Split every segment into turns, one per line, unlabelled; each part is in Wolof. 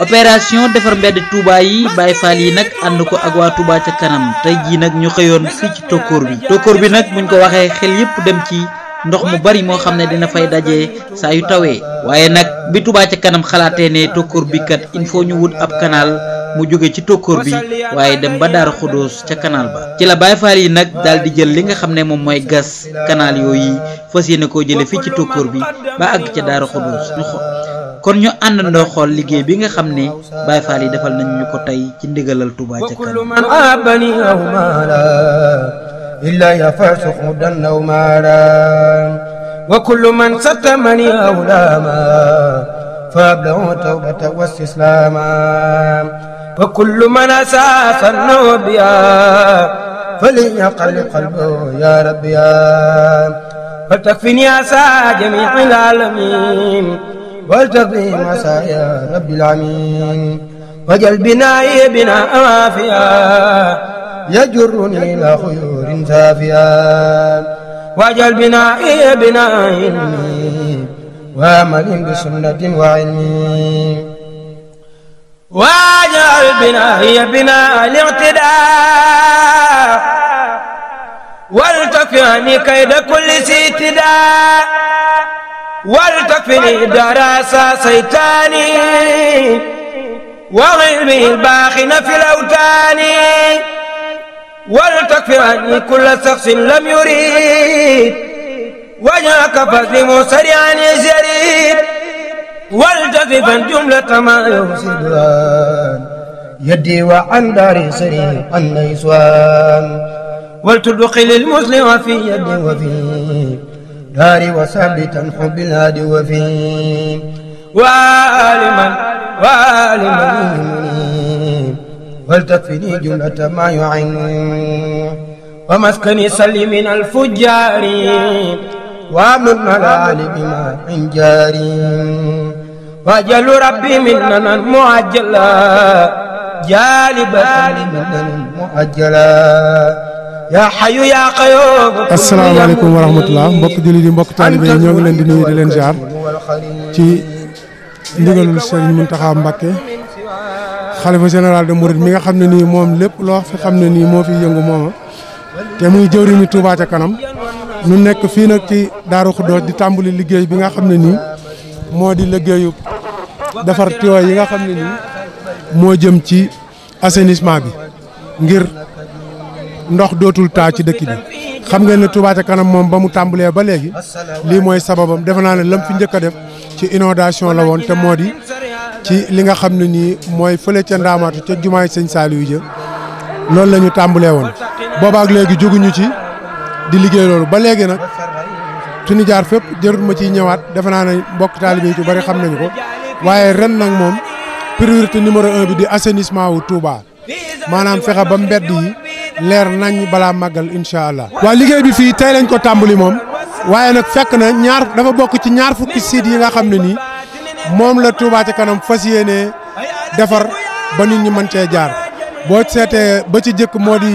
opération defar mbedd Touba yi Baye Fall yi nag ànd ko ak waa Touba ca kanam te jii nag ñu xëyoon fii ci tokkoor bi tokkoor bi nag buñ ko waxee xel yépp dem ci ndox mu bari moo xam ne dina fay daje saa yu tawee waaye nag bi Touba ca kanam xalaatee ne tokkoor bi kat il faut ñu wut ab kanaal mu jóge ci tokkoor bi waaye dem ba Daaru Xudóos ca canal ba ci la Baye Fall yi nag daal di jël li nga xam ne moom mooy gas canal yooyu fas yéene koo jële fii ci tokkoor bi àgg ca Daaru kon ñu àndandoo xool liggéey bi nga xam ne Baye Fall yi defal nañ ñu ko tey ci ndigalal Touba ca kanam إلا يفسخ دنا ومالا وكل من ستمني أولاما فأبلغ توبة واستسلاما وكل من أساس النوبيا فليقل قلبه يا ربيا فلتكفني أسى جميع العالمين والتقي مساء يا رب العالمين وجل بناي بنا وافيا يجرني إلى خيور سافيا وجل بنائي بناء علمي وامل بسنة وعلمي وجل بنائي بناء الاعتداء والتقي عني كيد كل سيتداء والتكفني دراسة سيتاني وغلبي الباخن في الأوتان ولتكفر عني كل شخص لم يريد وجهك فاسلم سريعا يزيد والتزفا جملة ما يفسدان يدي وعن داري سريعا عن نيسوان ولتدخل المسلم في يدي وفي الدار وثابتا حب الهادي وفيم وآلما وآلما يهمني ولتكفني جملة ما يعين ومسكني سلي من الفجار وامرنا ملال بما من جاري واجل ربي مننا المعجلا جالب من مننا المعجلا
yaa xayu yaa mbokk jullit yi mbokk taalibe ñoo ngi leen di nuyu di leen ziar ci ndigalul Serigne Mountakha Mbacké xalifa général de Mouride mi nga xam ne nii moom lépp loo fi xam ne nii moo fi yëngu mooma te muy jëwriñu Touba ca kanam ñu nekk fii nag ci Daaru Xuddoos di tàmbali liggéey bi nga xam ne nii moo di liggéeyu defar tuyau yi nga xam ne nii moo jëm ci assainissement bi ngir. ndox dootul taa ci dëkk bi xam ngeen ne Touba kanam moom ba mu tàmbalee ba léegi lii mooy sababam defe naa ne lam fi njëkk a def ci inondation la woon te moo di ci li nga xam ne nii mooy fële ca ndaamaatu ca jumaay sëñ Saliou jë loolu la ñu tàmbalee woon boobaak léegi jóguñu ci di liggéey loolu ba léegi nag suñu jaar fépp jarut ma ciy ñëwaat defe naa ne mbokk taalibe yi ci bari xam nañu ko waaye ren nag moom priorité numéro un bi di assainissement wu Touba maanaam fexe ba mbedd yi leer nañ balaa màggal incha allah. waa liggéey bi fii tey lañ ko tàmbali moom waaye nag fekk na ñaar dafa bokk ci ñaar fukki sites yi nga xam ne nii moom la Touba ca kanam fas yéenee defar ba nit ñi mën cee jaar boo seetee ba ci jëkk moo di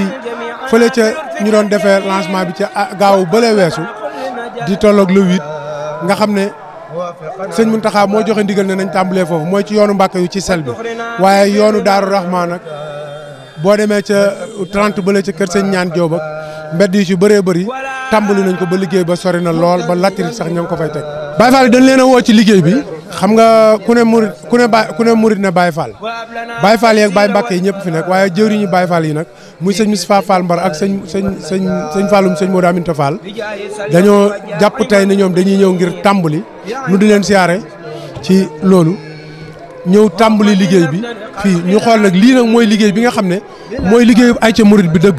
fële ca ñu doon defee lancement bi ca gaaw bële weesu di tolloog la huit nga xam ne sëñ Mountakha moo joxe ndigal ne nañ tàmbalee foofu mooy ci yoonu Mbàkke yu ci sel bi waaye yoonu Daaru Rahman nag boo demee ca 30 bële ca kër sëñ ñaan Joob ak mbedd yi ci bëree bëri tàmbali nañ ko ba liggéey ba sori na lool ba latiri sax ñoo ko fay teg. Baye Fall dañ leen a woo ci liggéey bi xam nga ku ne murit ku ne ba ku ne murit ne Baye Fall Baye Fall yeeg Baye yi ñëpp fi nekk waaye jëriñu Baye Fall yi nag muy sëñ Moustapha Fall Mbar ak sëñ sëñ sëñ sëñ Fallum sëñ Modou Aminta dañoo jàpp tey ne ñoom dañuy ñëw ngir tàmbali nu di leen siyaare ci loolu. ñëw tàmbali liggéey bi fii ñu xool nag lii nag mooy liggéey bi nga xam ne mooy liggéeyu ayca murit bi dëgg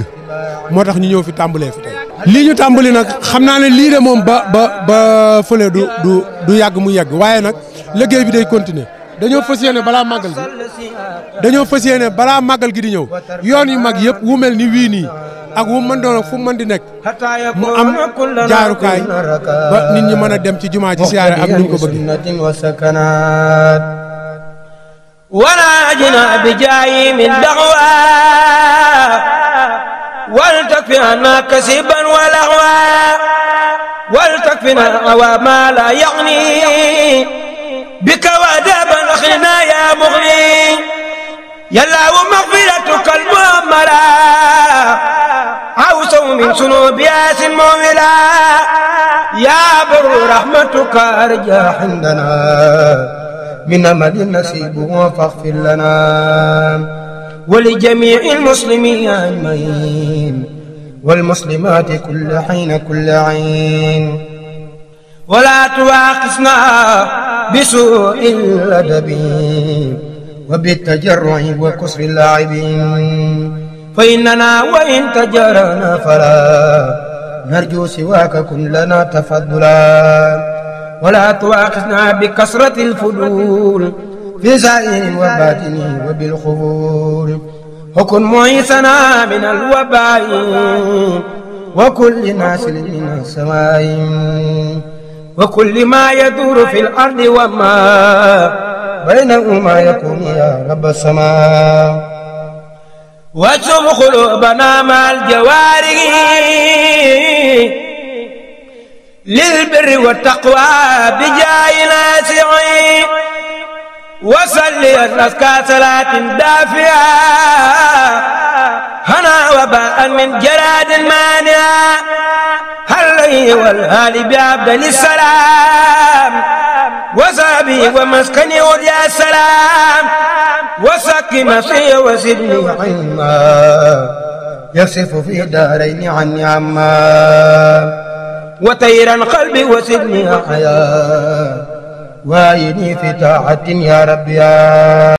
moo tax ñu ñëw fi tàmbalee fi tey. lii ñu tàmbali nag xam naa ne lii de moom ba ba ba fële du du yàgg mu yàgg waaye nag liggéey bi day continuer dañoo fas yéene balaa màggal gi dañoo fas yéene balaa màggal gi di ñëw yoon yu mag yëpp wu mel ni wii nii ak wu mën doon ak fu mën di nekk mu am jaarukaay ba nit ñi mën a dem ci jumaa ci siyaare ak nuñ ko bëgg
ولا جنا بجاي من دعوى عنا كسبا ولهوا عنا ما لا يغني بك وادابا اخينا يا مغني يا الله مغفرتك المؤمرة عوس من سنوب ياس مولا يا بر رحمتك ارجى عندنا من أمل نسيب فاغفر لنا ولجميع المسلمين أجمعين والمسلمات كل حين كل عين ولا تواقسنا بسوء الأدب وبالتجرع وكسر اللاعبين فإننا وإن تجرنا فلا نرجو سواك كلنا تفضلا ولا تواخذنا بكثرة الفضول في زائر وباتن وبالخبور وكن معيسنا من الوباء وكل ناسل من السماء وكل ما يدور في الأرض وما بينهما يكون يا رب السماء واجم قلوبنا مع الجوارح للبر والتقوى بجاه ناسعي وصلي الرزق صلاة دافئة هنا وباء من جراد مانع هلي والهال بعبد السلام وصابي ومسكني ويا سلام وسقي مسيح وسبني عما يصف في دارين عني عما وطيرا قلبي وسدني حياة وعيني في طاعة يا رب يا